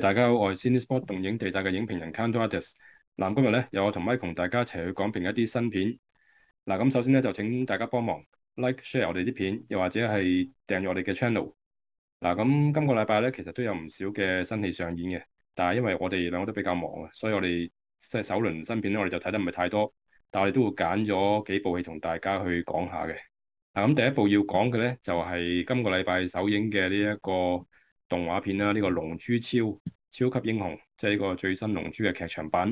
大家好，我係 Cinespot 動映地帶嘅影評人 Kantorates 嗱，今日咧有我同 Michael 同大家一齊去講評一啲新片。嗱，咁首先咧就請大家幫忙 Like、Share 我哋啲片，又或者係訂閱我哋嘅 channel。嗱，咁今個禮拜咧其實都有唔少嘅新戲上演嘅，但係因為我哋兩個都比較忙啊，所以我哋即係首輪新片咧，我哋就睇得唔係太多，但係我哋都會揀咗幾部戲同大家去講下嘅。嗱，咁第一部要講嘅咧就係、是、今個禮拜首映嘅呢一個。動畫片啦，呢、這個《龍珠超》超級英雄，即係呢個最新《龍珠》嘅劇場版。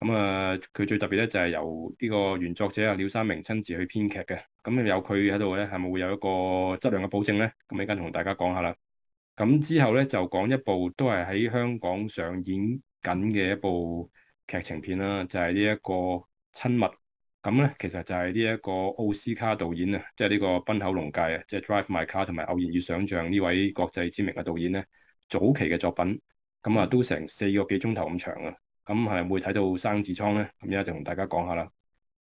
咁、嗯、啊，佢最特別咧就係由呢個原作者啊，鳥山明親自去編劇嘅。咁、嗯、有佢喺度咧，係咪會有一個質量嘅保證咧？咁依家同大家講下啦。咁、嗯、之後咧就講一部都係喺香港上演緊嘅一部劇情片啦，就係呢一個《親密》。咁咧，其實就係呢一個奧斯卡導演啊，即係呢個濱口龍介啊，即係 Drive My Car 同埋《偶然與想象》呢位國際知名嘅導演咧，早期嘅作品，咁啊都成四個幾鐘頭咁長啊，咁係咪會睇到生痔瘡咧？咁而家就同大家講下啦。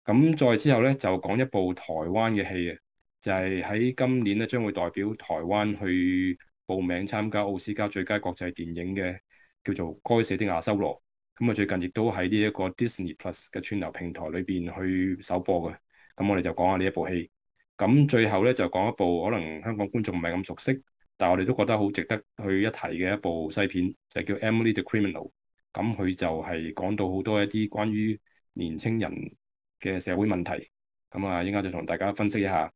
咁再之後咧，就講一部台灣嘅戲啊，就係喺今年咧將會代表台灣去報名參加奧斯卡最佳國際電影嘅叫做《該死的阿修羅》。咁啊，最近亦都喺呢一個 Disney Plus 嘅串流平台裏邊去首播嘅。咁我哋就講下呢一部戲。咁最後咧，就講一部可能香港觀眾唔係咁熟悉，但係我哋都覺得好值得去一提嘅一部西片，就係叫《Emily the Criminal》。咁佢就係講到好多一啲關於年青人嘅社會問題。咁啊，依家就同大家分析一下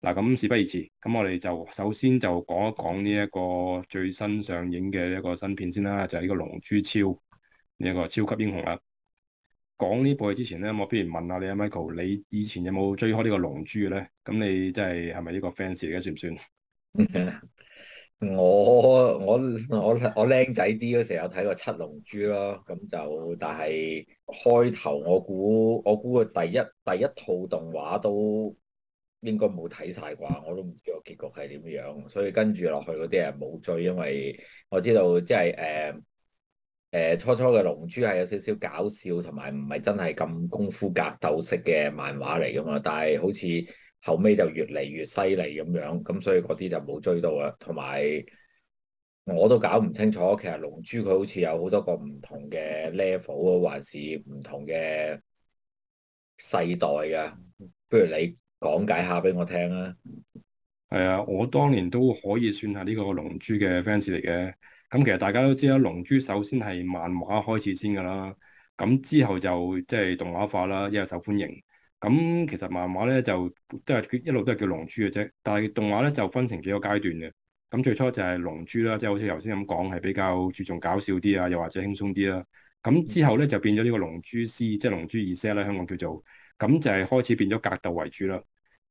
嗱。咁事不宜遲，咁我哋就首先就講一講呢一個最新上映嘅一個新片先啦，就係呢個《龍珠超》。呢個超級英雄啦。講呢部戲之前咧，我不如問下你阿 Michael，你以前有冇追開呢個龍珠嘅咧？咁你即係係咪呢個 fans 嘅算唔算？ 我我我我僆仔啲時候有睇過七龍珠咯，咁就但係開頭我估我估佢第一第一套動畫都應該冇睇晒啩，我都唔知個結局係點樣，所以跟住落去嗰啲人冇追，因為我知道即係誒。就是嗯呃，初初嘅《龍珠》係有少少搞笑，同埋唔係真係咁功夫格鬥式嘅漫畫嚟噶嘛，但係好似後尾就越嚟越犀利咁樣，咁所以嗰啲就冇追到啦。同埋我都搞唔清楚，其實《龍珠》佢好似有好多個唔同嘅 level，還是唔同嘅世代噶？不如你講解下俾我聽啦。係啊，我當年都可以算係呢個《龍珠》嘅 fans 嚟嘅。咁其實大家都知啦，龍珠首先係漫畫開始先噶啦，咁之後就即係動畫化啦，因為受歡迎。咁其實漫畫咧就都係一路都係叫龍珠嘅啫，但係動畫咧就分成幾個階段嘅。咁最初就係龍珠啦，即係好似頭先咁講，係比較注重搞笑啲啊，又或者輕鬆啲啦。咁之後咧就變咗呢個龍珠師，即係龍珠二式啦，香港叫做。咁就係開始變咗格鬥為主啦。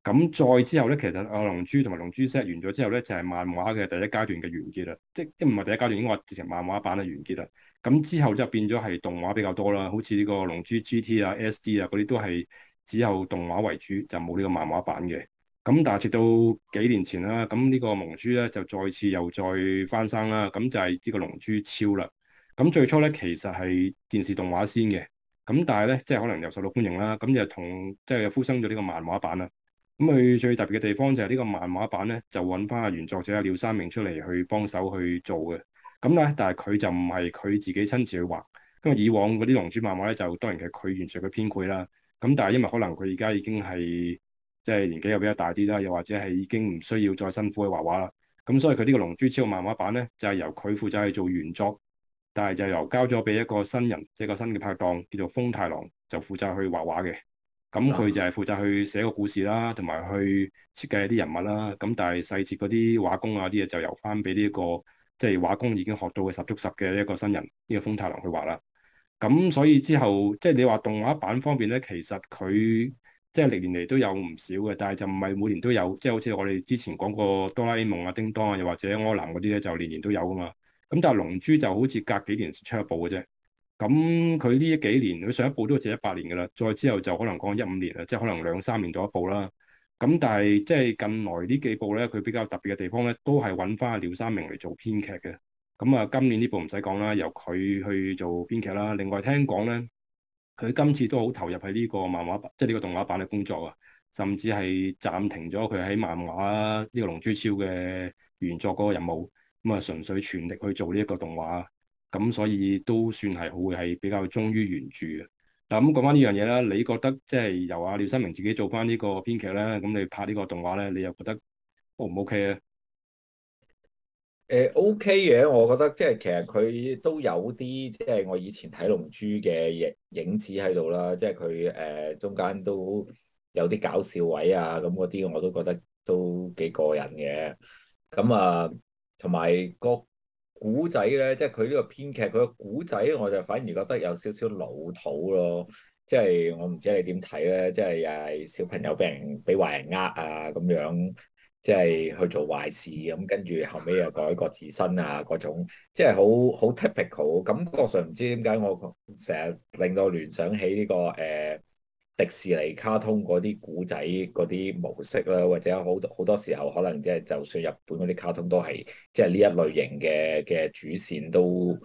咁再之後咧，其實《龍珠》同埋《龍珠 Z》完咗之後咧，就係漫畫嘅第一階段嘅完結啦。即係唔係第一階段已經話直情漫畫版嘅完結啦。咁之後就變咗係動畫比較多啦，好似呢個《龍珠 GT》啊、《SD》啊嗰啲都係只有動畫為主，就冇呢個漫畫版嘅。咁但係直到幾年前啦，咁呢個《龍珠》咧就再次又再翻生啦。咁就係呢個《龍珠超》啦。咁最初咧其實係電視動畫先嘅，咁但係咧即係可能又受到歡迎啦，咁就同即係又出生咗呢個漫畫版啦。咁佢最特別嘅地方就係呢個漫畫版咧，就揾翻阿原作者阿鳥山明出嚟去幫手去做嘅。咁咧，但係佢就唔係佢自己親自去畫，因為以往嗰啲龍珠漫畫咧，就當然係佢完全嘅編繪啦。咁但係因為可能佢而家已經係即係年紀又比較大啲啦，又或者係已經唔需要再辛苦去畫畫啦。咁所以佢呢個龍珠超漫畫版咧，就係、是、由佢負責去做原作，但係就由交咗俾一個新人，即、就、係、是、個新嘅拍檔叫做風太郎，就負責去畫畫嘅。咁佢就係負責去寫個故事啦，同埋去設計一啲人物啦。咁但係細節嗰啲畫工啊啲嘢就由翻俾呢個即係畫工已經學到嘅十足十嘅一個新人呢、呢個風太郎去畫啦。咁所以之後即係、就是、你話動畫版方面咧，其實佢即係歷年嚟都有唔少嘅，但係就唔係每年都有。即、就、係、是、好似我哋之前講過哆啦 A 夢啊、叮當啊，又或者柯南嗰啲咧，就年年都有噶嘛。咁但係龍珠就好似隔幾年出一部嘅啫。咁佢呢幾年佢上一部都係借一八年噶啦，再之後就可能講一五年啦，即係可能兩三年做一部啦。咁但係即係近來呢幾部咧，佢比較特別嘅地方咧，都係揾翻廖三明嚟做編劇嘅。咁啊，今年呢部唔使講啦，由佢去做編劇啦。另外聽講咧，佢今次都好投入喺呢個漫畫即係呢個動畫版嘅工作啊，甚至係暫停咗佢喺漫畫呢個《龍珠超》嘅原作嗰個任務，咁啊，純粹全力去做呢一個動畫。咁、嗯、所以都算係會係比較忠於原著嘅。嗱咁講翻呢樣嘢啦，你覺得即係由阿、啊、鳥山明自己做翻呢個編劇咧，咁你拍呢個動畫咧，你又覺得 O 唔 O K 咧？誒，O K 嘅，我覺得即係其實佢都有啲即係我以前睇龍珠嘅影影子喺度啦，即係佢誒中間都有啲搞笑位啊，咁嗰啲我都覺得都幾過癮嘅。咁啊，同埋、那個。古仔咧，即係佢呢個編劇，佢個古仔，我就反而覺得有少少老土咯。即係我唔知你點睇咧，即係又係小朋友俾人俾壞人呃啊咁樣，即係去做壞事咁，跟、嗯、住後尾又改過自身啊嗰種，即係好好 typical。Typical，感覺上唔知點解我成日令到聯想起呢、呢個誒。呃迪士尼卡通嗰啲古仔嗰啲模式啦，或者好多好多時候可能即係，就算日本嗰啲卡通都係即係呢一類型嘅嘅主線都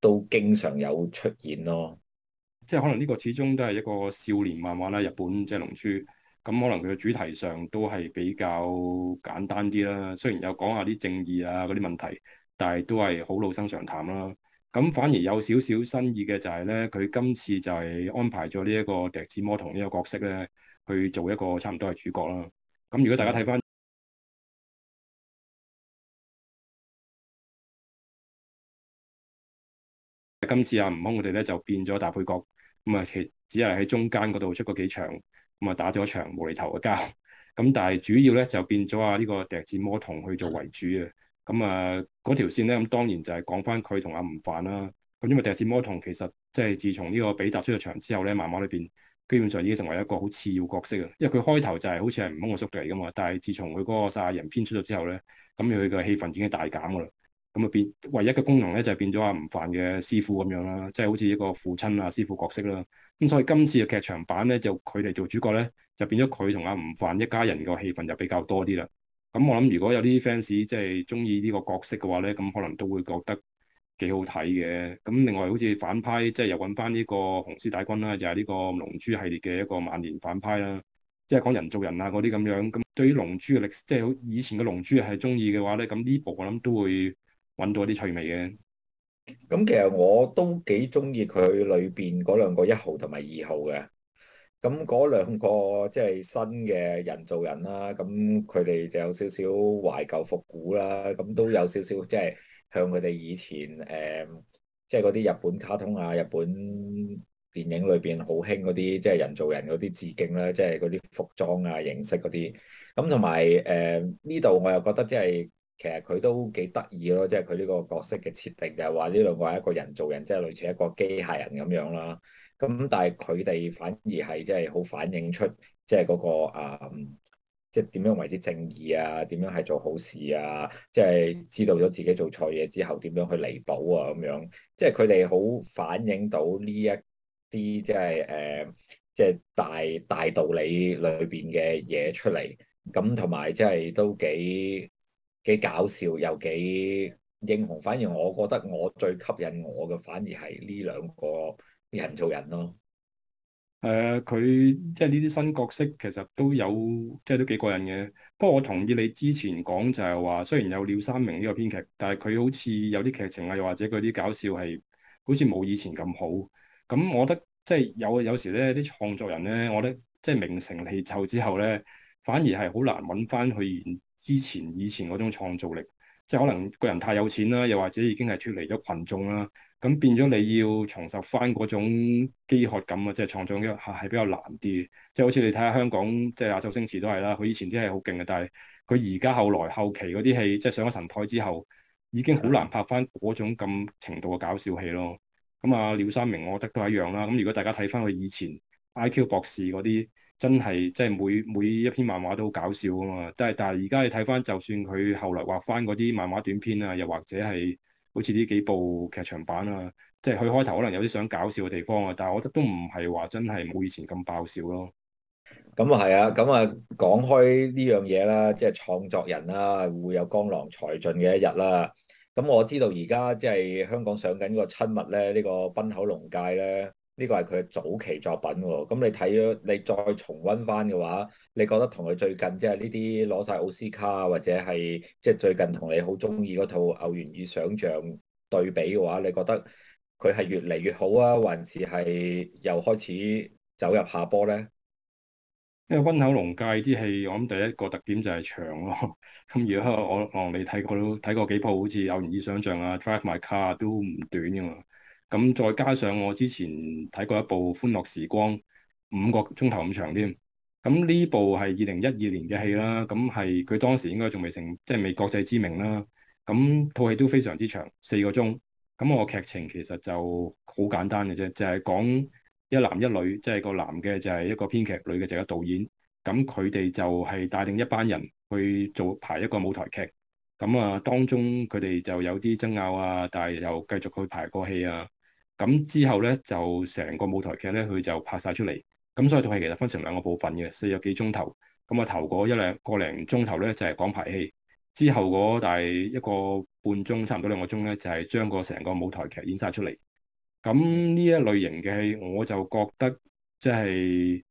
都經常有出現咯。即係可能呢個始終都係一個少年漫畫啦，日本即係龍珠咁，就是，可能佢嘅主題上都係比較簡單啲啦。雖然有講下啲正義啊嗰啲問題，但係都係好老生常談啦。咁反而有少少新意嘅就係咧，佢今次就係安排咗呢一個笛子魔童呢個角色咧，去做一個差唔多係主角啦。咁如果大家睇翻，嗯、今次阿悟空佢哋咧就變咗大配角，咁啊其只係喺中間嗰度出過幾場，咁啊打咗場無厘頭嘅交。咁但係主要咧就變咗啊呢個笛子魔童去做為主啊。咁啊，嗰、嗯、條線咧，咁當然就係講返佢同阿悟飯啦。咁因為《笛子魔童》，其實即係自從呢個比達出咗場之後咧，漫畫裏邊基本上已經成為一個好次要角色啦。因為佢開頭就係好似係悟空嘅宿敵嚟噶嘛，但係自從佢嗰個曬人篇出咗之後咧，咁佢嘅戲份已經大減噶啦。咁啊變唯一嘅功能咧，就係、是、變咗阿悟飯嘅師傅咁樣啦，即係好似一個父親啊師傅角色啦。咁所以今次嘅劇場版咧，就佢哋做主角咧，就變咗佢同阿悟飯一家人嘅戲份就比較多啲啦。咁我諗，如果有啲 fans 即係中意呢個角色嘅話咧，咁可能都會覺得幾好睇嘅。咁另外，好似反派，即係又揾翻呢個紅絲帶軍啦，又係呢個龍珠系列嘅一個萬年反派啦，即係講人造人啊嗰啲咁樣。咁對於龍珠嘅歷，即係以前嘅龍珠係中意嘅話咧，咁呢部我諗都會揾到一啲趣味嘅。咁其實我都幾中意佢裏邊嗰兩個一號同埋二號嘅。咁嗰兩個即係新嘅人造人啦、啊，咁佢哋就有少少懷舊復古啦，咁都有少少即係向佢哋以前誒，即係嗰啲日本卡通啊、日本電影裏邊好興嗰啲即係人造人嗰啲致敬啦、啊，即係嗰啲服裝啊、形式嗰啲。咁同埋誒呢度我又覺得即係其實佢都幾得意咯，即係佢呢個角色嘅設定就係話呢兩個係一個人造人，即係類似一個機械人咁樣啦。咁但係佢哋反而係即係好反映出即係嗰個啊，即係點樣為之正義啊？點樣係做好事啊？即係知道咗自己做錯嘢之後點樣去彌補啊？咁樣即係佢哋好反映到呢一啲即係誒即係大大道理裏邊嘅嘢出嚟。咁同埋即係都幾幾搞笑又幾英雄。反而我覺得我最吸引我嘅反而係呢兩個。人做人咯，啊，誒、呃，佢即係呢啲新角色，其實都有即係都幾過癮嘅。不過我同意你之前講就係話，雖然有鳥山明呢、這個編劇，但係佢好似有啲劇情啊，又或者佢啲搞笑係好似冇以前咁好。咁我覺得即係有有時咧，啲創作人咧，我覺得即係名成利就之後咧，反而係好難揾翻去之前以前以前嗰種創造力。即係可能個人太有錢啦，又或者已經係脫離咗群眾啦。咁變咗你要重拾翻嗰種飢渴感啊，即係創造嗰下係比較難啲，即係好似你睇下香港，即係阿周星馳都係啦，佢以前啲係好勁嘅，但係佢而家後來後期嗰啲戲，即係上咗神台之後，已經好難拍翻嗰種咁程度嘅搞笑戲咯。咁、嗯、啊，鳥山明，我覺得都係一樣啦。咁如果大家睇翻佢以前 I.Q. 博士嗰啲，真係即係每每一篇漫畫都好搞笑啊嘛，都係。但係而家你睇翻，就算佢後來畫翻嗰啲漫畫短片啊，又或者係。好似呢幾部劇場版啊，即係佢開頭可能有啲想搞笑嘅地方啊，但係我覺得都唔係話真係冇以前咁爆笑咯。咁啊係啊，咁、嗯、啊講開呢樣嘢啦，即係創作人啦、啊，會有江郎才盡嘅一日啦、啊。咁我知道而家即係香港上緊個親密咧，呢、呢個濱口龍介咧。呢個係佢早期作品喎，咁你睇咗，你再重溫翻嘅話，你覺得同佢最近即係呢啲攞晒奧斯卡啊，或者係即係最近同你好中意嗰套《偶然與想像》對比嘅話，你覺得佢係越嚟越好啊，還是係又開始走入下坡咧？因為濱口龍介啲戲，我諗第一個特點就係長咯。咁而家我望你睇過都睇過幾鋪，好似《偶然與想像》啊，《Drive My Car》都唔短㗎嘛。咁再加上我之前睇過一部《歡樂時光》，五個鐘頭咁長添。咁呢部係二零一二年嘅戲啦，咁係佢當時應該仲未成，即係未國際知名啦。咁套戲都非常之長，四個鐘。咁我劇情其實就好簡單嘅啫，就係講一男一女，即係個男嘅就係一個編劇，女嘅就係一個導演。咁佢哋就係帶領一班人去做排一個舞台劇。咁啊，當中佢哋就有啲爭拗啊，但係又繼續去排個戲啊。咁之後咧就成個舞台劇咧，佢就拍晒出嚟。咁所以套戲其實分成兩個部分嘅，四個幾鐘頭。咁啊，頭嗰一兩個零鐘頭咧就係講排戲，之後嗰大一個半鐘差唔多兩個鐘咧就係將個成個舞台劇演晒出嚟。咁呢一類型嘅戲我就覺得即係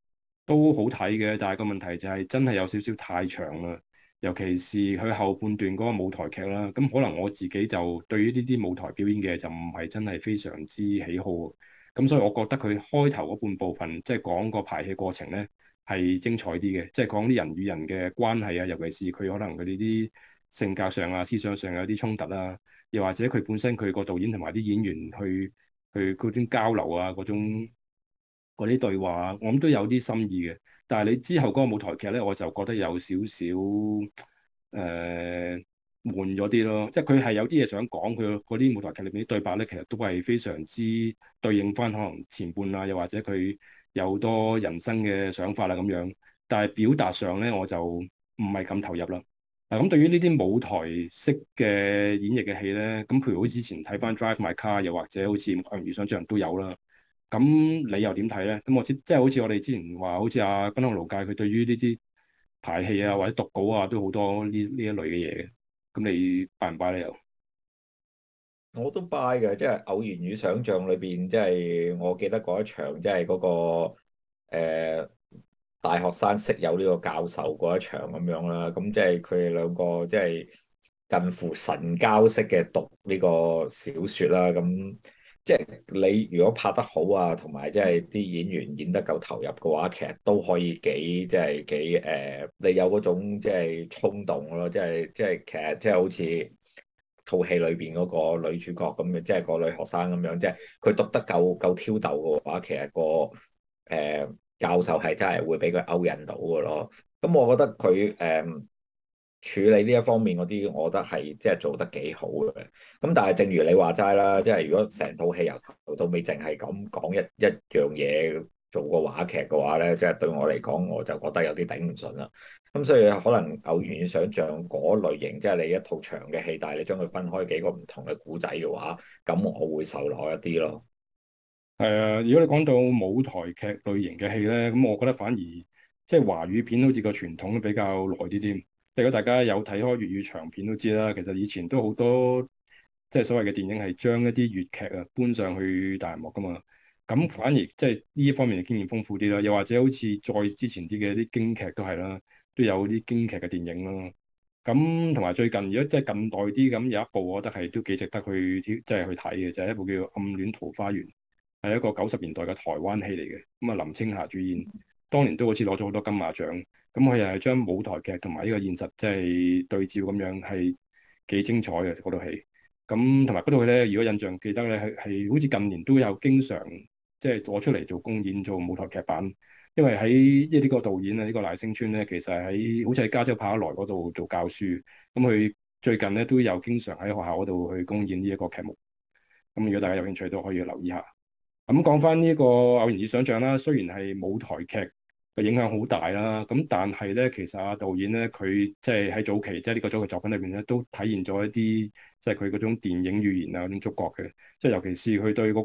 都好睇嘅，但係個問題就係真係有少少太長啦。尤其是佢後半段嗰個舞台劇啦，咁可能我自己就對於呢啲舞台表演嘅就唔係真係非常之喜好，咁所以我覺得佢開頭嗰半部分即係講個排戲過程咧係精彩啲嘅，即係講啲人與人嘅關係啊，尤其是佢可能佢呢啲性格上啊、思想上有啲衝突啊，又或者佢本身佢個導演同埋啲演員去去嗰種交流啊、嗰種嗰啲對話啊，我諗都有啲心意嘅。但係你之後嗰個舞台劇咧，我就覺得有少少誒、呃、悶咗啲咯，即係佢係有啲嘢想講，佢嗰啲舞台劇裏面啲對白咧，其實都係非常之對應翻可能前半啊，又或者佢有好多人生嘅想法啦咁樣。但係表達上咧，我就唔係咁投入啦。嗱、啊，咁對於呢啲舞台式嘅演繹嘅戲咧，咁譬如好似之前睇翻《Drive My Car》，又或者好似《偶然與想像》都有啦。咁你又點睇咧？咁我知即係、就是、好似我哋之前話，好似阿、啊、濱口龍介，佢對於呢啲排戲啊或者讀稿啊都好多呢呢一,一類嘅嘢嘅。咁你 buy 唔 buy 咧？又我都 buy 嘅，即、就、係、是、偶然與想像裏邊，即、就、係、是、我記得嗰一場，即係嗰個、呃、大學生室友呢個教授嗰一場咁樣啦。咁即係佢哋兩個即係、就是、近乎神交式嘅讀呢個小説啦。咁即係你如果拍得好啊，同埋即係啲演員演得夠投入嘅話，其實都可以幾即係、即係、幾誒、呃，你有嗰種即係衝動咯，即係即係其實即係好似套戲裏邊嗰個女主角咁樣，即、即、係、係、個女學生咁樣，即係佢讀得夠夠挑逗嘅話，其實、個誒、呃、教授係真係會俾佢勾引到嘅咯。咁我覺得佢誒、呃處理呢一方面嗰啲，我覺得係即係做得幾好嘅。咁但係正如你話齋啦，即係如果成套戲由頭到尾淨係咁講一一樣嘢做個話劇嘅話咧，即係對我嚟講，我就覺得有啲頂唔順啦。咁所以可能偶然想像嗰類型，即係你一套長嘅戲，但係你將佢分開幾個唔同嘅古仔嘅話，咁我會受落一啲咯。係啊，如果你講到舞台劇類型嘅戲咧，咁我覺得反而即係、就是、華語片好似個傳統比較耐啲添。如果大家有睇開粵語長片都知啦，其實以前都好多即係所謂嘅電影係將一啲粵劇啊搬上去大銀幕噶嘛，咁反而即係呢一方面嘅經驗豐富啲啦，又或者好似再之前啲嘅啲京劇都係啦，都有啲京劇嘅電影啦。咁同埋最近如果即係近代啲咁有一部，我覺得係都幾值得去即係去睇嘅，就係一部叫《暗戀桃花源》，係一個九十年代嘅台灣戲嚟嘅，咁啊林青霞主演，當年都好似攞咗好多金馬獎。咁佢又係將舞台劇同埋呢個現實即係、就是、對照咁樣，係幾精彩嘅嗰套戲。咁同埋嗰套咧，如果印象記得咧，係係好似近年都有經常即係攞出嚟做公演做舞台劇版。因為喺即呢個導演咧，呢、這個賴聲川咧，其實喺好似喺加州柏克萊嗰度做教書。咁佢最近咧都有經常喺學校嗰度去公演呢一個劇目。咁如果大家有興趣，都可以留意下。咁講翻呢個偶然與想像啦，雖然係舞台劇。個影響好大啦，咁但係咧，其實啊導演咧，佢即係喺早期，即係呢個組嘅作品裏邊咧，都體現咗一啲，即係佢嗰種電影語言啊，嗰種觸覺嘅，即係尤其是佢對嗰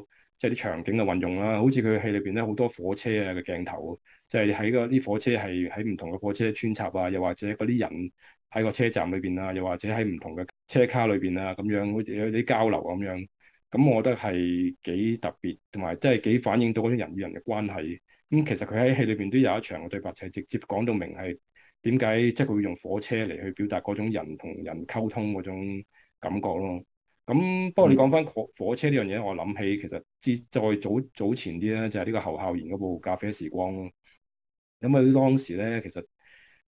個，即係啲場景嘅運用啦，好似佢戲裏邊咧好多火車啊嘅鏡頭，即係喺嗰啲火車係喺唔同嘅火車穿插啊，又或者嗰啲人喺個車站裏邊啊，又或者喺唔同嘅車卡裏邊啊，咁樣好似有啲交流咁樣，咁我覺得係幾特別，同埋即係幾反映到嗰種人與人嘅關係。咁、嗯、其實佢喺戲裏邊都有一場嘅對白，就係、是、直接講到明係點解，即係佢會用火車嚟去表達嗰種人同人溝通嗰種感覺咯。咁不過你講翻火火車呢樣嘢，我諗起其實之再早早前啲咧，就係、是、呢個侯孝賢嗰部《咖啡時光》咯。因為當時咧，其實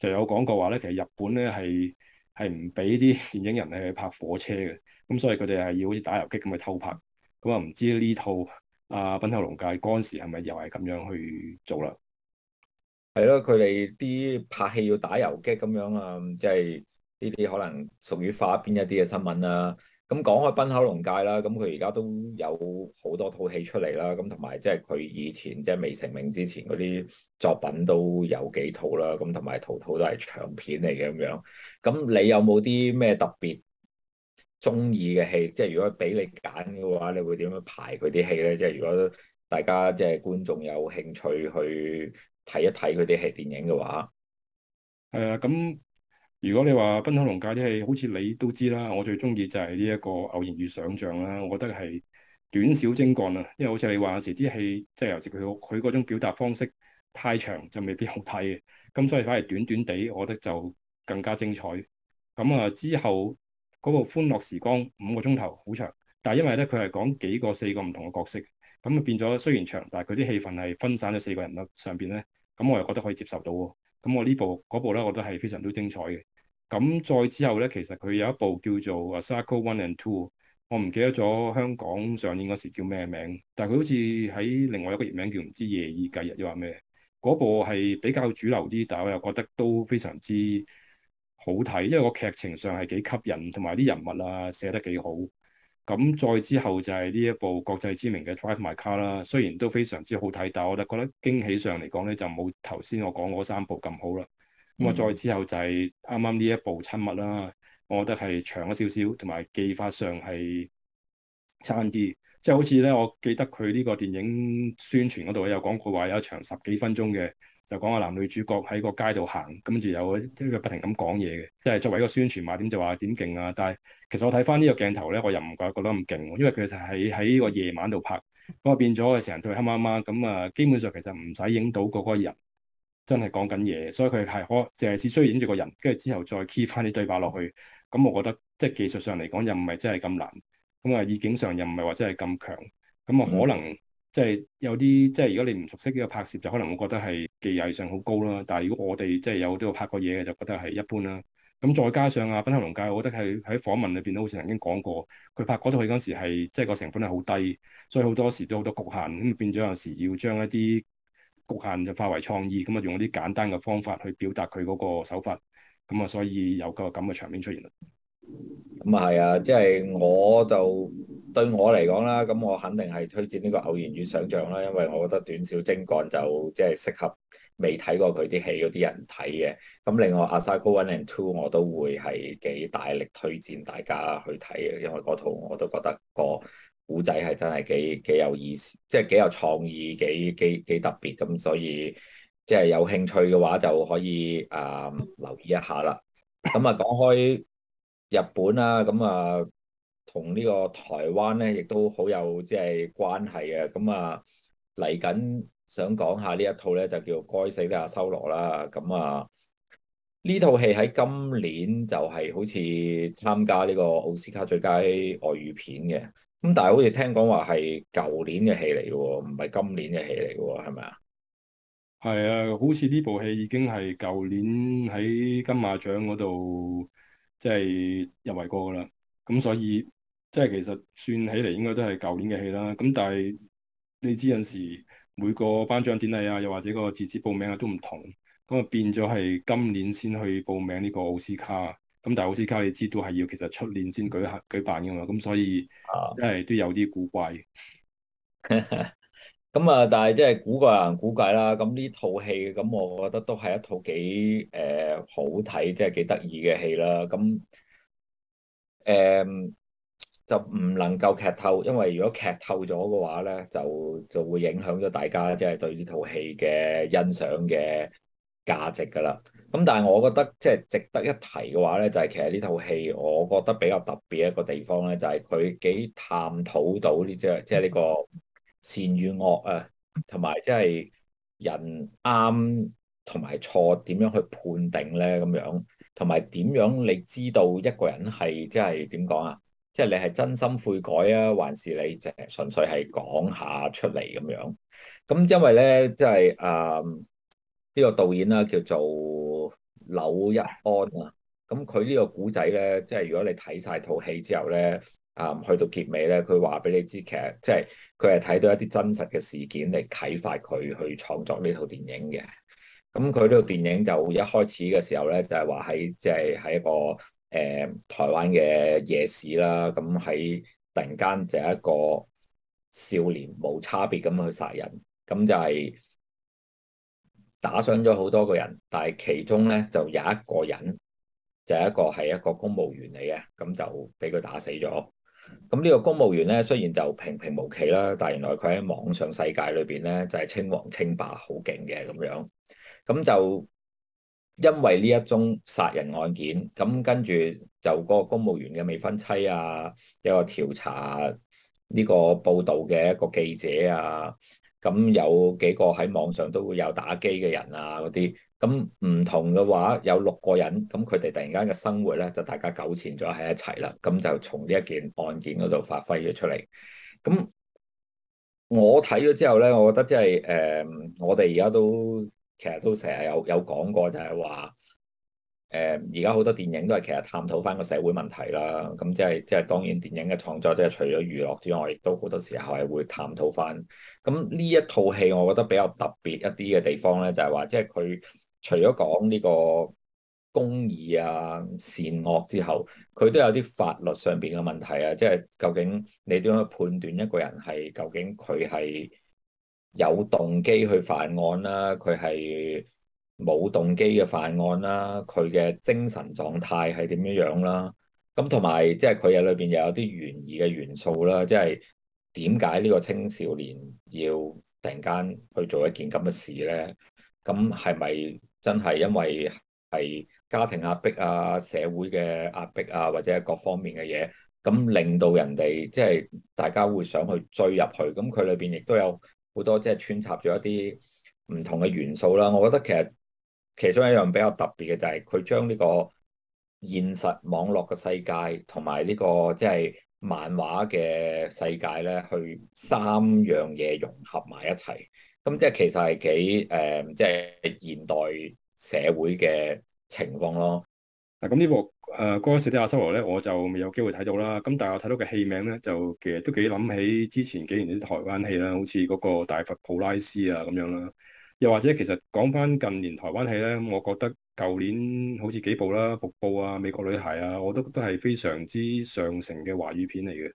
就有講過話咧，其實日本咧係係唔俾啲電影人咧去拍火車嘅，咁所以佢哋係要好似打遊擊咁去偷拍。咁啊，唔知呢套。啊！濱口龍介嗰陣時係咪又係咁樣去做啦？係咯，佢哋啲拍戲要打遊擊咁樣啊，即係呢啲可能屬於花邊一啲嘅新聞啦、啊。咁講開濱口龍介啦，咁佢而家都有好多套戲出嚟啦，咁同埋即係佢以前即係、就是、未成名之前嗰啲作品都有幾套啦，咁同埋套套都係長片嚟嘅咁樣。咁你有冇啲咩特別？中意嘅戲，即係如果俾你揀嘅話，你會點樣排佢啲戲咧？即係如果大家即係觀眾有興趣去睇一睇佢啲戲電影嘅話，係啊。咁如果你話《濱口龍介》啲戲，好似你都知啦，我最中意就係呢一個《偶然與想象》啦。我覺得係短小精幹啊，因為好似你話有時啲戲，即係尤其佢佢嗰種表達方式太長就未必好睇嘅，咁所以反而短短地，我覺得就更加精彩。咁啊之後。嗰部《歡樂時光》五個鐘頭好長，但係因為咧佢係講幾個四個唔同嘅角色，咁啊變咗雖然長，但係佢啲戲份係分散咗四個人咯上邊咧，咁我又覺得可以接受到喎。咁我部部呢部嗰部咧，我覺得係非常之精彩嘅。咁再之後咧，其實佢有一部叫做《Asako One and Two》，我唔記得咗香港上映嗰時叫咩名，但係佢好似喺另外一個譯名叫唔知夜以繼日又話咩，嗰部係比較主流啲，但係我又覺得都非常之。好睇，因為個劇情上係幾吸引，同埋啲人物啊寫得幾好。咁再之後就係呢一部國際知名嘅《Drive My Car》啦，雖然都非常之好睇，但係我覺得驚喜上嚟講咧就冇頭先我講嗰三部咁好啦。咁啊再之後就係啱啱呢一部《親密》啦，嗯、我覺得係長咗少少，同埋技法上係差啲，即係好似咧我記得佢呢個電影宣傳嗰度有講過話有一場十幾分鐘嘅。就講下男女主角喺個街度行，跟住有佢不停咁講嘢嘅，即係作為一個宣傳嘛，點就話點勁啊。但係其實我睇翻呢個鏡頭咧，我又唔覺覺得咁勁，因為佢就係喺個夜晚度拍，咁啊變咗佢成日對黑麻麻，咁啊基本上其實唔使影到嗰個人真係講緊嘢，所以佢係可淨係只需要影住個人，跟住之後再 keep 翻啲對白落去，咁我覺得即係技術上嚟講又唔係真係咁難，咁啊意境上又唔係話真係咁強，咁啊可能。即係有啲即係如果你唔熟悉呢個拍攝，就可能會覺得係技藝上好高啦。但係如果我哋即係有呢個拍過嘢嘅，就覺得係一般啦。咁再加上阿濱口龍介，我覺得喺喺訪問裏邊都好似曾經講過，佢拍嗰套戲嗰陣時係即係個成本係好低，所以好多時都好多局限。咁變咗有時要將一啲局限就化為創意，咁啊用一啲簡單嘅方法去表達佢嗰個手法。咁啊，所以有個咁嘅場面出現啦。咁啊係啊，即、就、係、是、我就對我嚟講啦，咁我肯定係推薦呢個《偶然與想象》啦，因為我覺得短小精幹就即係適合未睇過佢啲戲嗰啲人睇嘅。咁另外《Asako One》and《Two》我都會係幾大力推薦大家去睇嘅，因為嗰套我都覺得個古仔係真係幾幾有意思，即係幾有創意，幾幾幾特別。咁所以即係、就是、有興趣嘅話，就可以啊、呃、留意一下啦。咁啊，講開。日本啦，咁、嗯、啊，同呢個台灣咧，亦都好有即係、就是、關係嘅。咁、嗯、啊，嚟緊想講下呢一套咧，就叫《該死的阿修羅》啦。咁、嗯、啊，呢、嗯、套戲喺今年就係好似參加呢個奧斯卡最佳外語片嘅。咁、嗯、但係好似聽講話係舊年嘅戲嚟嘅喎，唔係今年嘅戲嚟嘅喎，係咪啊？係啊，好似呢部戲已經係舊年喺金馬獎嗰度。即係入圍過噶啦，咁所以即係其實算起嚟應該都係舊年嘅戲啦。咁但係你知有時每個頒獎典禮啊，又或者個截止報名啊都唔同，咁啊變咗係今年先去報名呢個奧斯卡。咁但係奧斯卡你知道都係要其實出年先舉行舉辦㗎嘛。咁所以，啊，因為都有啲古怪。 咁啊、嗯，但係即係估個人估計啦。咁呢套戲，咁我覺得都係一套幾誒、呃、好睇，即係幾得意嘅戲啦。咁誒、呃、就唔能夠劇透，因為如果劇透咗嘅話咧，就就會影響咗大家即係、就是、對呢套戲嘅欣賞嘅價值噶啦。咁但係我覺得即係、就是、值得一提嘅話咧，就係、是、其實呢套戲，我覺得比較特別一個地方咧，就係佢幾探討到呢隻即係呢個。善與惡啊，同埋即係人啱同埋錯，點樣去判定咧？咁樣，同埋點樣你知道一個人係即係點講啊？即係你係真心悔改啊，還是你淨係純粹係講下出嚟咁樣？咁因為咧，即係啊呢個導演啦，叫做樓一安啊。咁佢呢個古仔咧，即係如果你睇晒套戲之後咧，啊，去到結尾咧，佢話俾你知，其實，即係佢係睇到一啲真實嘅事件嚟啟發佢去創作呢套電影嘅。咁佢呢套電影就一開始嘅時候咧，就係話喺即係喺一個誒、呃、台灣嘅夜市啦。咁喺突然間就一個少年冇差別咁去殺人，咁就係打傷咗好多個人，但係其中咧就有一個人就係、是、一個係一個公務員嚟嘅，咁就俾佢打死咗。咁呢個公務員咧，雖然就平平無奇啦，但係原來佢喺網上世界裏邊咧，就係、是、稱王稱霸好勁嘅咁樣。咁就因為呢一宗殺人案件，咁跟住就嗰個公務員嘅未婚妻啊，有個調查呢、啊這個報道嘅一個記者啊，咁有幾個喺網上都會有打機嘅人啊嗰啲。咁唔同嘅話，有六個人，咁佢哋突然間嘅生活咧，就大家糾纏咗喺一齊啦。咁就從呢一件案件嗰度發揮咗出嚟。咁我睇咗之後咧，我覺得即係誒，我哋而家都其實都成日有有講過就，就係話誒，而家好多電影都係其實探討翻個社會問題啦。咁即係即係當然，電影嘅創作即係除咗娛樂之外，亦都好多時候係會探討翻。咁呢一套戲，我覺得比較特別一啲嘅地方咧，就係話即係佢。除咗講呢個公義啊善惡之後，佢都有啲法律上邊嘅問題啊！即係究竟你點樣判斷一個人係究竟佢係有動機去犯案啦、啊，佢係冇動機嘅犯案啦、啊，佢嘅精神狀態係點樣樣、啊、啦？咁同埋即係佢裏面又有啲懸疑嘅元素啦、啊！即係點解呢個青少年要突然間去做一件咁嘅事咧？咁係咪？真係因為係家庭壓迫啊、社會嘅壓迫啊，或者各方面嘅嘢，咁令到人哋即係大家會想去追入去。咁佢裏邊亦都有好多即係穿插咗一啲唔同嘅元素啦。我覺得其實其中一樣比較特別嘅就係佢將呢個現實網絡嘅世界同埋呢個即係漫畫嘅世界咧，去三樣嘢融合埋一齊。咁、嗯、即係其實係幾誒、呃，即係現代社會嘅情況咯。啊，咁呢部誒《該死的阿修羅》咧，我就未有機會睇到啦。咁但係我睇到嘅戲名咧，就其實都幾諗起之前幾年啲台灣戲啦，好似嗰個《大佛普拉斯》啊咁樣啦。又或者其實講翻近年台灣戲咧，我覺得舊年好似幾部啦，《瀑布》啊，《美國女孩》啊，我都都係非常之上乘嘅華語片嚟嘅。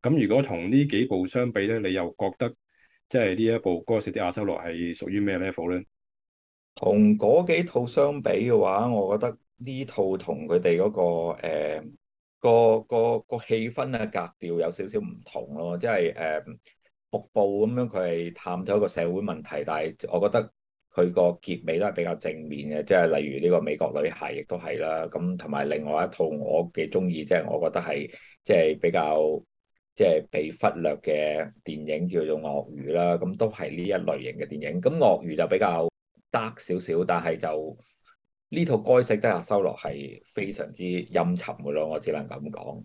咁如果同呢幾部相比咧，你又覺得？即係呢一部《該死的阿修羅》係屬於咩咩 level 咧？同嗰幾套相比嘅話，我覺得呢套同佢哋嗰個誒、呃、個個個氣氛啊、格調有少少唔同咯。即係誒、呃、瀑布咁樣，佢係探咗一個社會問題，但係我覺得佢個結尾都係比較正面嘅。即係例如呢個美國女孩亦都係啦。咁同埋另外一套我幾中意，即、就、係、是、我覺得係即係比較。即係被忽略嘅電影叫做《鱷魚》啦，咁都係呢一類型嘅電影。咁《鱷魚》就比較 dark 少少，但係就呢套《該死的阿修羅》係非常之陰沉嘅咯，我只能咁講。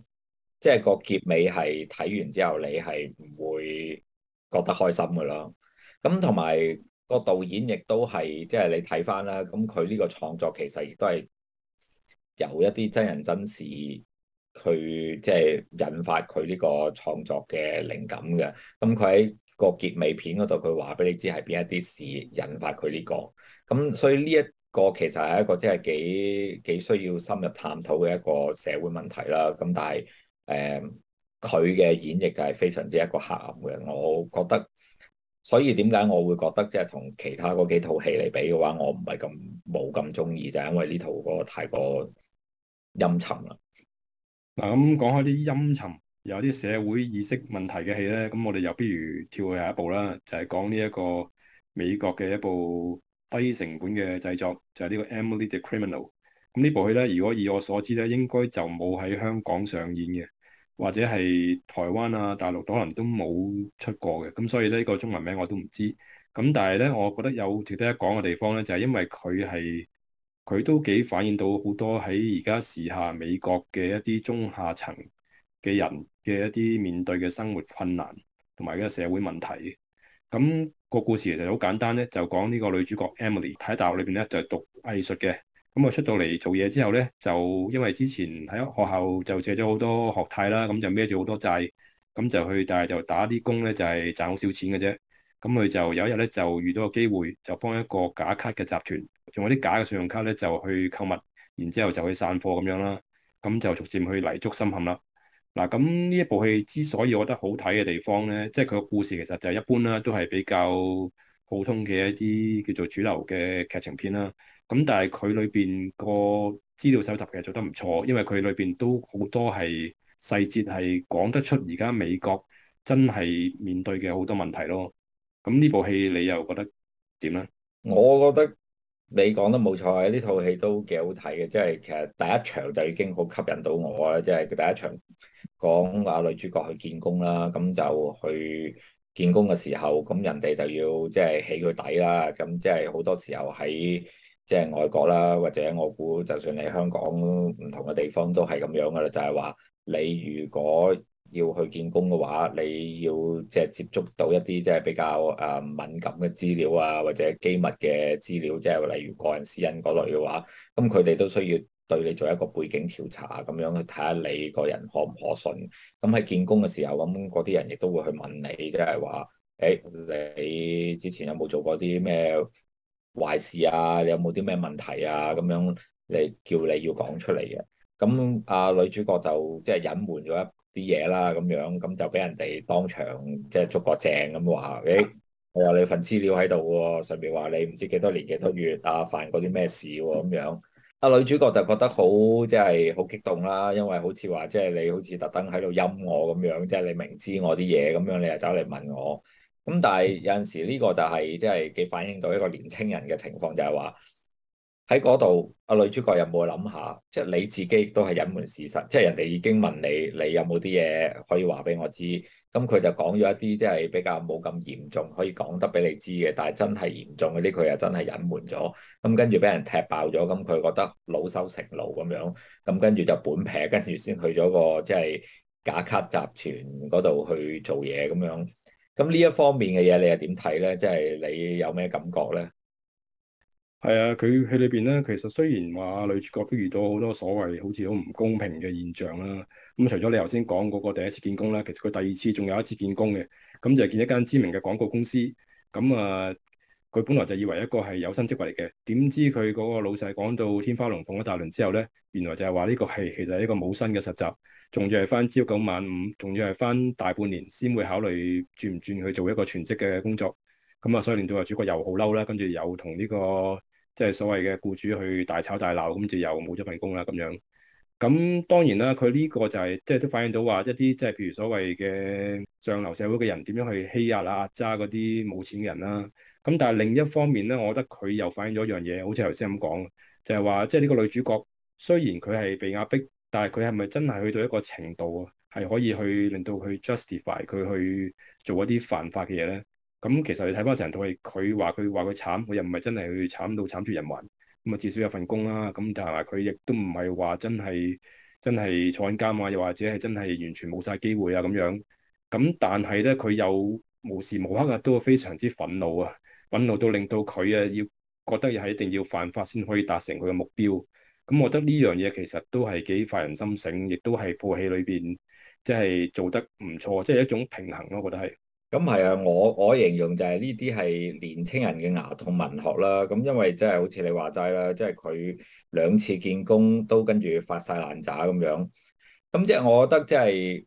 即係個結尾係睇完之後，你係唔會覺得開心嘅咯。咁同埋個導演亦都係，即係你睇翻啦。咁佢呢個創作其實亦都係有一啲真人真事。佢即係引發佢呢個創作嘅靈感嘅，咁佢喺個結尾片嗰度，佢話俾你知係邊一啲事引發佢呢個，咁所以呢一個其實係一個即係幾幾需要深入探討嘅一個社會問題啦。咁但係誒，佢嘅演繹就係非常之一個黑暗嘅，我覺得。所以點解我會覺得即係同其他嗰幾套戲嚟比嘅話我，我唔係咁冇咁中意，就係因為呢套嗰個太過陰沉啦。嗱，咁講開啲陰沉，有啲社會意識問題嘅戲咧，咁我哋又不如跳去下一部啦，就係講呢一個美國嘅一部低成本嘅製作，就係呢個《Emily the Criminal》。咁呢部戲咧，如果以我所知咧，應該就冇喺香港上演嘅，或者係台灣啊、大陸可能都冇出過嘅。咁所以呢個中文名我都唔知。咁但係咧，我覺得有值得一講嘅地方咧，就係因為佢係。佢都幾反映到好多喺而家時下美國嘅一啲中下層嘅人嘅一啲面對嘅生活困難同埋個社會問題嘅。咁個故事其實好簡單咧，就講呢個女主角 Emily 喺大學裏邊咧就係讀藝術嘅，咁啊出到嚟做嘢之後咧就因為之前喺學校就借咗好多學貸啦，咁就孭住好多債，咁就去但係就打啲工咧就係賺好少錢嘅啫。咁佢就有一日咧，就遇到個機會，就幫一個假卡嘅集團，用嗰啲假嘅信用卡咧，就去購物，然之後就去散貨咁樣啦。咁就逐漸去泥足深陷啦。嗱，咁呢一部戲之所以我覺得好睇嘅地方咧，即係佢個故事其實就係一般啦，都係比較普通嘅一啲叫做主流嘅劇情片啦。咁但係佢裏邊個資料搜集其實做得唔錯，因為佢裏邊都好多係細節係講得出而家美國真係面對嘅好多問題咯。咁呢部戲你又覺得點咧？我覺得你講得冇錯啊！呢套戲都幾好睇嘅，即係其實第一場就已經好吸引到我啦。即係佢第一場講話女主角去見工啦，咁就去見工嘅時候，咁人哋就要即係起佢底啦。咁即係好多時候喺即係外國啦，或者我估就算你香港唔同嘅地方都係咁樣噶啦，就係話你如果要去見工嘅話，你要即係接觸到一啲即係比較誒敏感嘅資料啊，或者機密嘅資料，即係例如個人私隱嗰類嘅話，咁佢哋都需要對你做一個背景調查咁樣去睇下你個人可唔可信。咁喺見工嘅時候，咁嗰啲人亦都會去問你，即係話，誒你之前有冇做過啲咩壞事啊？你有冇啲咩問題啊？咁樣你叫你要講出嚟嘅。咁阿女主角就即係隱瞞咗一啲嘢啦，咁樣咁就俾人哋當場即係捉個正咁話，誒我有你份資料喺度喎，上面話你唔知幾多年幾多月啊，犯過啲咩事喎咁樣。啊女主角就覺得好即係好激動啦，因為好似話即係你好似特登喺度陰我咁樣，即係你明知我啲嘢咁樣，你又走嚟問我。咁但係有陣時呢個就係即係幾反映到一個年青人嘅情況，就係話。喺嗰度，阿女主角有冇諗下？即係你自己都係隱瞞事實，即係人哋已經問你，你有冇啲嘢可以話俾我知？咁佢就講咗一啲即係比較冇咁嚴重，可以講得俾你知嘅。但係真係嚴重嗰啲，佢又真係隱瞞咗。咁跟住俾人踢爆咗，咁佢覺得惱羞成怒咁樣。咁跟住就本劈，跟住先去咗個即係假卡集團嗰度去做嘢咁樣。咁呢一方面嘅嘢，你又點睇咧？即係你有咩感覺咧？係啊，佢喺裏邊咧，其實雖然話女主角都遇到好多所謂好似好唔公平嘅現象啦。咁除咗你頭先講嗰個第一次見工啦，其實佢第二次仲有一次見工嘅，咁就係見一間知名嘅廣告公司。咁啊，佢本來就以為一個係有薪職位嘅，點知佢嗰個老細講到天花龍鳳一大輪之後咧，原來就係話呢個係其實係一個冇薪嘅實習，仲要係返朝九晚五，仲要係返大半年先會考慮轉唔轉去做一個全職嘅工作。咁啊、嗯，所以令到話主角又好嬲啦，跟住又同呢個即係所謂嘅僱主去大吵大鬧，咁就又冇咗份工啦咁樣。咁、嗯、當然啦，佢呢個就係、是、即係都反映到話一啲即係譬如所謂嘅上流社會嘅人點樣去欺壓啦，壓榨嗰啲冇錢嘅人啦、啊。咁、嗯、但係另一方面咧，我覺得佢又反映咗一樣嘢，好似頭先咁講，就係、是、話即係呢個女主角雖然佢係被壓迫，但係佢係咪真係去到一個程度啊，係可以去令到佢 justify 佢去做一啲犯法嘅嘢咧？咁其實你睇翻成套戲，佢話佢話佢慘，佢又唔係真係佢慘到慘絕人寰，咁啊至少有份工啦。咁但係佢亦都唔係話真係真係坐緊監啊，又或者係真係完全冇晒機會啊咁樣。咁但係咧，佢有無時無刻啊，都非常之憤怒啊，憤怒到令到佢啊要覺得係一定要犯法先可以達成佢嘅目標。咁我覺得呢樣嘢其實都係幾發人心醒，亦都係部戲裏邊即係做得唔錯，即係一種平衡咯。我覺得係。咁係啊，我我形容就係呢啲係年青人嘅牙痛文學啦。咁因為即係好似你話齋啦，即係佢兩次見工都跟住發晒爛渣咁樣。咁即係我覺得即係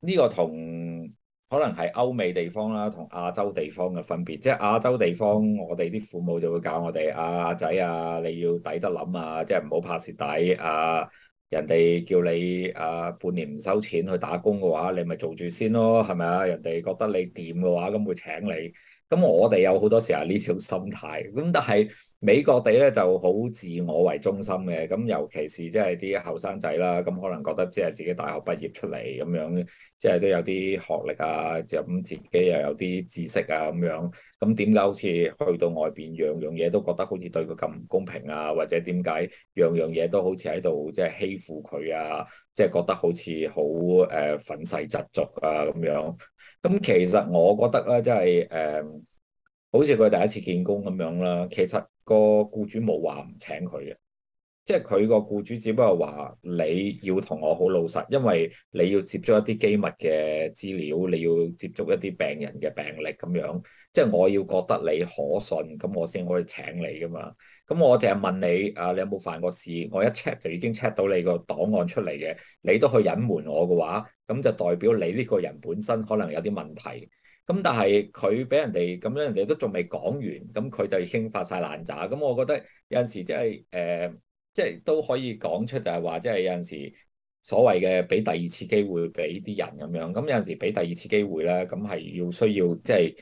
呢個同可能係歐美地方啦，同亞洲地方嘅分別。即係亞洲地方，我哋啲父母就會教我哋啊仔啊，你要抵得諗啊，即係唔好怕蝕底啊。人哋叫你啊半年唔收錢去打工嘅話，你咪做住先咯，係咪啊？人哋覺得你掂嘅話，噉會請你。咁我哋有好多時候呢種心態，咁但係美國地咧就好自我為中心嘅，咁尤其是即係啲後生仔啦，咁可能覺得即係自己大學畢業出嚟咁樣，即係都有啲學歷啊，又咁自己又有啲知識啊咁樣，咁點解好似去到外邊，樣樣嘢都覺得好似對佢咁唔公平啊？或者點解樣樣嘢都好似喺度即係欺負佢啊？即係覺得好似好誒憤世嫉俗啊咁樣。咁其實我覺得咧，即係誒，好似佢第一次見工咁樣啦。其實個僱主冇話唔請佢嘅。即係佢個僱主，只不過話你要同我好老實，因為你要接觸一啲機密嘅資料，你要接觸一啲病人嘅病歷咁樣。即係我要覺得你可信，咁我先可以請你噶嘛。咁我淨係問你啊，你有冇犯過事？我一 check 就已經 check 到你個檔案出嚟嘅，你都去隱瞞我嘅話，咁就代表你呢個人本身可能有啲問題。咁但係佢俾人哋咁樣，人哋都仲未講完，咁佢就已經發晒爛渣。咁我覺得有陣時即係誒。呃即係都可以講出，就係話，即係有陣時所謂嘅俾第二次機會俾啲人咁樣。咁有陣時俾第二次機會咧，咁係要需要即係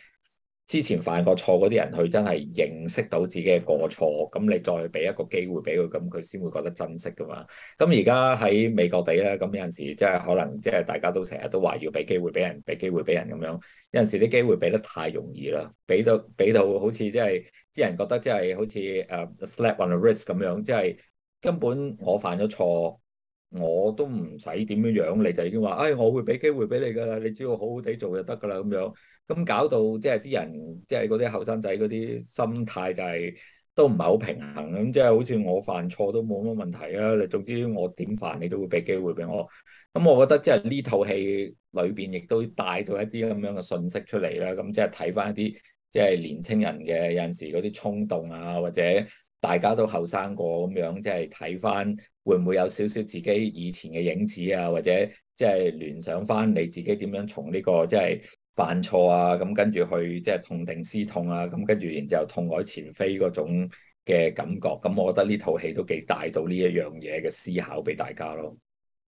之前犯過錯嗰啲人，佢真係認識到自己嘅過錯。咁你再俾一個機會俾佢，咁佢先會覺得珍惜噶嘛。咁而家喺美國地咧，咁有陣時即係可能即係大家都成日都話要俾機會俾人，俾機會俾人咁樣。有陣時啲機會俾得太容易啦，俾到俾到好似即係啲人覺得即係好似誒 slap on a wrist 咁樣，即係。根本我犯咗錯，我都唔使點樣樣，你就已經話，誒、哎，我會俾機會俾你噶啦，你只要好好地做就得噶啦咁樣。咁搞到即係啲人，即係嗰啲後生仔嗰啲心態就係、是、都唔係好平衡。咁即係好似我犯錯都冇乜問題啊，你總之我點犯你都會俾機會俾我。咁我覺得即係呢套戲裏邊亦都帶到一啲咁樣嘅信息出嚟啦。咁即係睇翻一啲即係年輕人嘅有時嗰啲衝動啊，或者。大家都後生過咁樣，即係睇翻會唔會有少少自己以前嘅影子啊，或者即係聯想翻你自己點樣從呢個即係犯錯啊，咁跟住去即係痛定思痛啊，咁跟住然之後痛改前非嗰種嘅感覺。咁我覺得呢套戲都幾帶到呢一樣嘢嘅思考俾大家咯。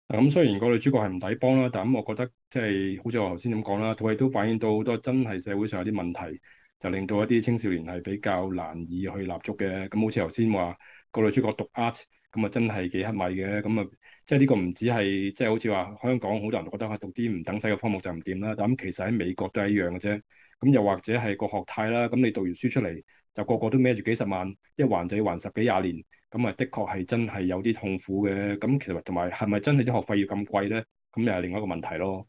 咁、嗯、雖然個女主角係唔抵幫啦，但係咁我覺得即係好似我頭先咁講啦，套戲都反映到好多真係社會上有啲問題。就令到一啲青少年係比較難以去立足嘅，咁好似頭先話個女主角讀 art，咁啊真係幾乞米嘅，咁啊即係呢個唔止係即係好似話香港好多人覺得係讀啲唔等使嘅科目就唔掂啦，咁其實喺美國都係一樣嘅啫。咁又或者係個學貸啦，咁你讀完書出嚟就個個都孭住幾十萬，一還就要還十幾廿年，咁啊的確係真係有啲痛苦嘅。咁其實同埋係咪真係啲學費要咁貴咧？咁又係另外一個問題咯。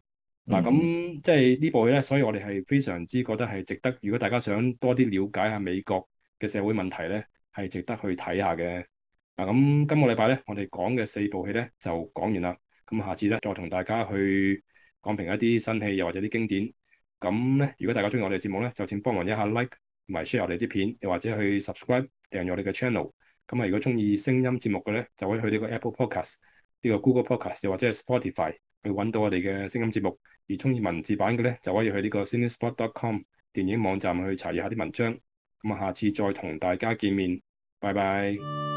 嗱咁、嗯、即係呢部戲咧，所以我哋係非常之覺得係值得。如果大家想多啲了解下美國嘅社會問題咧，係值得去睇下嘅。嗱咁今個禮拜咧，我哋講嘅四部戲咧就講完啦。咁下次咧再同大家去講評一啲新戲，又或者啲經典。咁咧，如果大家中意我哋節目咧，就請幫忙一下 like 同埋 share 我哋啲片，又或者去 subscribe 訂閱我哋嘅 channel。咁啊，如果中意聲音節目嘅咧，就可以去呢個 Apple Podcast、呢個 Google Podcast 又或者 Spotify。去搵到我哋嘅聲音節目，而中意文字版嘅呢，就可以去呢個 cinespot.com 電影網站去查閱下啲文章。咁啊，下次再同大家見面，拜拜。